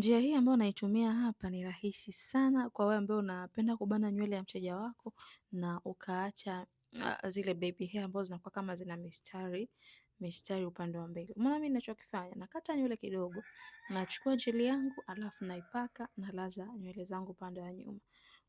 Njia hii ambayo naitumia hapa ni rahisi sana kwa wewe ambaye unapenda kubana nywele ya mteja wako na ukaacha ah, zile baby hair ambazo zinakuwa kama zina mistari mistari upande wa mbele. mwana mimi ninachokifanya nakata nywele kidogo, nachukua jeli yangu alafu naipaka nalaza nywele zangu upande wa nyuma.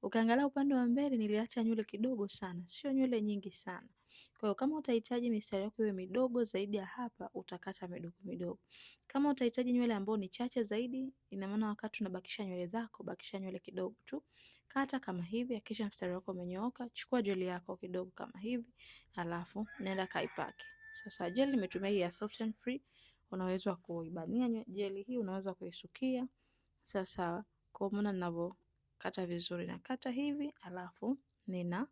Ukiangalia upande wa mbele niliacha nywele kidogo sana, sio nywele nyingi sana. Kwa hiyo kama utahitaji mistari yako iwe midogo zaidi ya hapa, utakata midogo midogo. Kama utahitaji nywele ambayo ni chache zaidi, ina maana wakati unabakisha nywele zako, bakisha nywele kidogo tu, kata kama hivi. Hakikisha mstari wako umenyooka, chukua jeli yako kidogo kama hivi, alafu nenda kaipake. Sasa jeli nimetumia hii ya soft and free, unaweza kuibania jeli hii, unaweza kuisukia. Sasa kwa maana ninavyokata vizuri, nakata hivi, alafu nina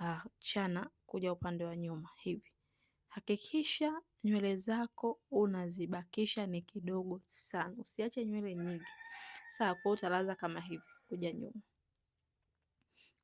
uh, chana kuja upande wa nyuma hivi. Hakikisha nywele zako unazibakisha ni kidogo sana, usiache nywele nyingi. Sawa, kwa utalaza kama hivi kuja nyuma.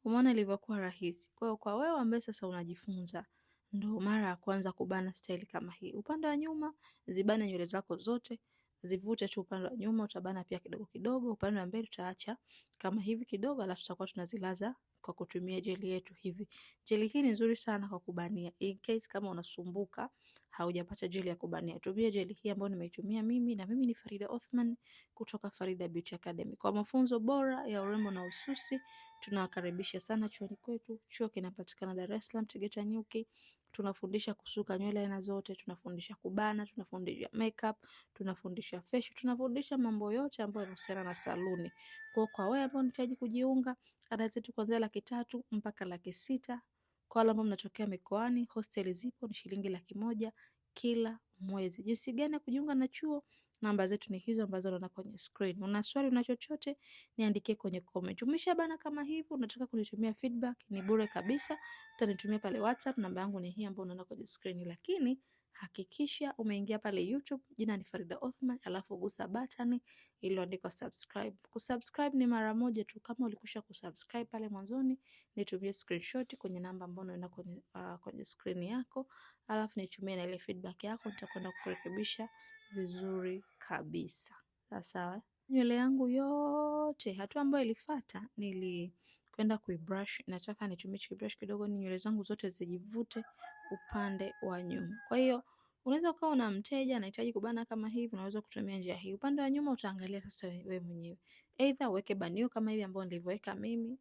Umeona ilivyokuwa rahisi. Kwa hiyo kwa wewe ambaye sasa unajifunza ndo mara ya kwanza kubana staili kama hii, upande wa nyuma zibane nywele zako zote zivute tu upande wa nyuma, utabana pia kidogo kidogo, upande wa mbele utaacha kama hivi kidogo, alafu tutakuwa tunazilaza kwa kutumia jeli yetu hivi. Jeli hii ni nzuri sana kwa kubania. In case kama unasumbuka haujapata jeli ya kubania, tumia jeli hii ambayo nimeitumia mimi, na mimi ni Farida Othman kutoka Farida Beauty Academy. Kwa mafunzo bora ya urembo na ususi, tunawakaribisha sana chuoni kwetu. Chuo kinapatikana Dar es Salaam Tegeta Nyuki tunafundisha kusuka nywele aina zote, tunafundisha kubana, tunafundisha makeup, tunafundisha facial, tunafundisha mambo yote ambayo yanahusiana na saluni. Kwa kwa wewe ambao unahitaji kujiunga, ada zetu kuanzia laki tatu mpaka laki sita. Kwa wale ambao mnatokea mikoani, hosteli zipo ni shilingi laki moja kila mwezi. Jinsi gani ya kujiunga na chuo? Namba zetu ni hizo ambazo unaona kwenye screen. Una swali na chochote, niandikie kwenye comment. Umesha bana kama hivi, unataka kunitumia feedback, ni bure kabisa. Utanitumia pale WhatsApp, namba yangu ni hii ambayo unaona kwenye screen lakini Hakikisha umeingia pale YouTube, jina ni Farida Othman, alafu gusa button iliyoandikwa subscribe. Kusubscribe ni mara moja tu. Kama ulikusha kusubscribe pale mwanzoni, nitumie screenshot kwenye namba ambayo unaona kwenye, uh, kwenye screen yako, alafu nitumie na ile feedback yako, nitakwenda kukurekebisha vizuri kabisa. Sawa, nywele yangu yote, hatua ambayo ilifata nili kwenda kuibrush. Nataka nitumie brush kidogo, ni nywele zangu zote zijivute upande wa nyuma. Kwa hiyo unaweza ukawa una mteja anahitaji kubana kama hivi, unaweza kutumia njia hii. Upande wa nyuma utaangalia sasa wewe mwenyewe, either uweke banio kama hivi ambayo nilivyoweka mimi.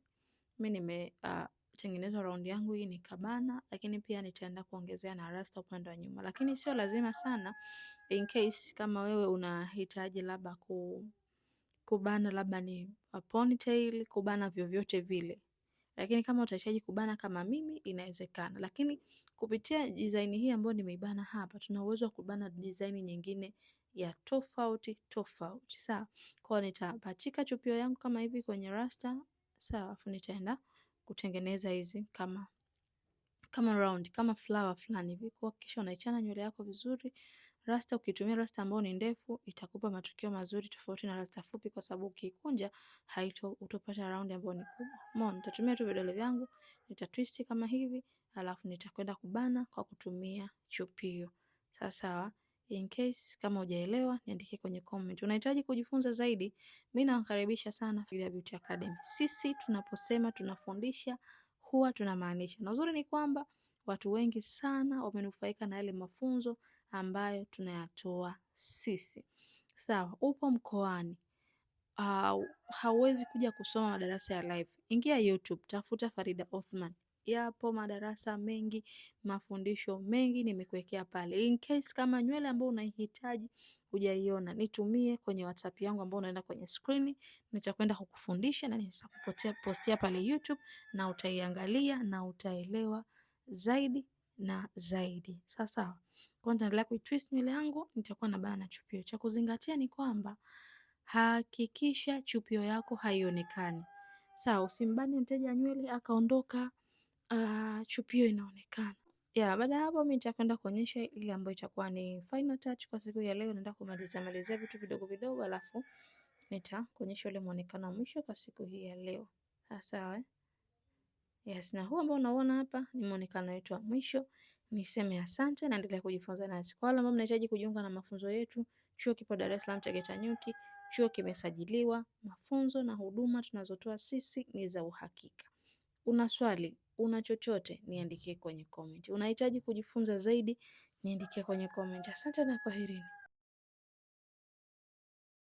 Mimi nimetengeneza ah, uh, round yangu hii nikabana, lakini pia nitaenda kuongezea na rasta upande wa nyuma, lakini sio lazima sana, in case kama wewe unahitaji labda ku kubana labda ni ponytail, kubana vyovyote vile lakini kama utahitaji kubana kama mimi inawezekana, lakini kupitia design hii ambayo nimeibana hapa, tuna uwezo wa kubana design nyingine ya tofauti tofauti, sawa. Kwa nitapachika chupio yangu kama hivi kwenye rasta, sawa, afu nitaenda kutengeneza hizi kama kama round kama flower fulani hivi. Kuhakikisha unaichana nywele yako vizuri Rasta ukitumia rasta ambayo ni ndefu itakupa matukio mazuri tofauti na rasta fupi, kwa sababu ukikunja haito utopata raundi ambayo ni kubwa. Umeona, nitatumia tu vidole vyangu, nitatwist kama hivi, alafu nitakwenda kubana kwa kutumia chupio. Sawa sawa. In case kama hujaelewa niandike kwenye comment. Unahitaji kujifunza zaidi? Mimi nawakaribisha sana Fidia Beauty Academy. Sisi tunaposema tunafundisha huwa tunamaanisha, na uzuri ni kwamba watu wengi sana wamenufaika na yale mafunzo ambayo tunayatoa sisi. Sawa, upo mkoani uh, hauwezi kuja kusoma madarasa ya live. Ingia YouTube, tafuta Farida Othman, yapo madarasa mengi, mafundisho mengi nimekuwekea pale. In case kama nywele ambayo unaihitaji hujaiona, nitumie kwenye WhatsApp yangu ambayo unaenda kwenye screen, nitakwenda kukufundisha na nitakupotea postia pale YouTube na utaiangalia na utaelewa zaidi na zaidi. Sawa sawa. Kwa nitaendelea kuitwist nywele yangu, nitakuwa bana na chupio. Cha kuzingatia ni kwamba hakikisha chupio yako haionekani. Sawa, usimbane mteja nywele akaondoka uh, chupio inaonekana. Ya, baada ya hapo mimi nitakwenda kuonyesha ile ambayo itakuwa ni final touch kwa siku ya leo. Naenda kumaliza malizia vitu vidogo vidogo, alafu nitakuonyesha ule muonekano wa mwisho kwa siku hii ya leo. Ah, sawa eh? Yes, na huu ambao unaona hapa ni muonekano wetu wa mwisho. Niseme asante, naendelea kujifunza nasi. Kwa wale ambao mnahitaji kujiunga na mafunzo yetu, chuo kipo Dar es Salaam Nyuki. Chuo kimesajiliwa. Mafunzo na huduma tunazotoa sisi ni za uhakika. Una swali, una chochote, niandikie kwenye comment. Unahitaji kujifunza zaidi, niandikie kwenye comment. Asante na kwaherini.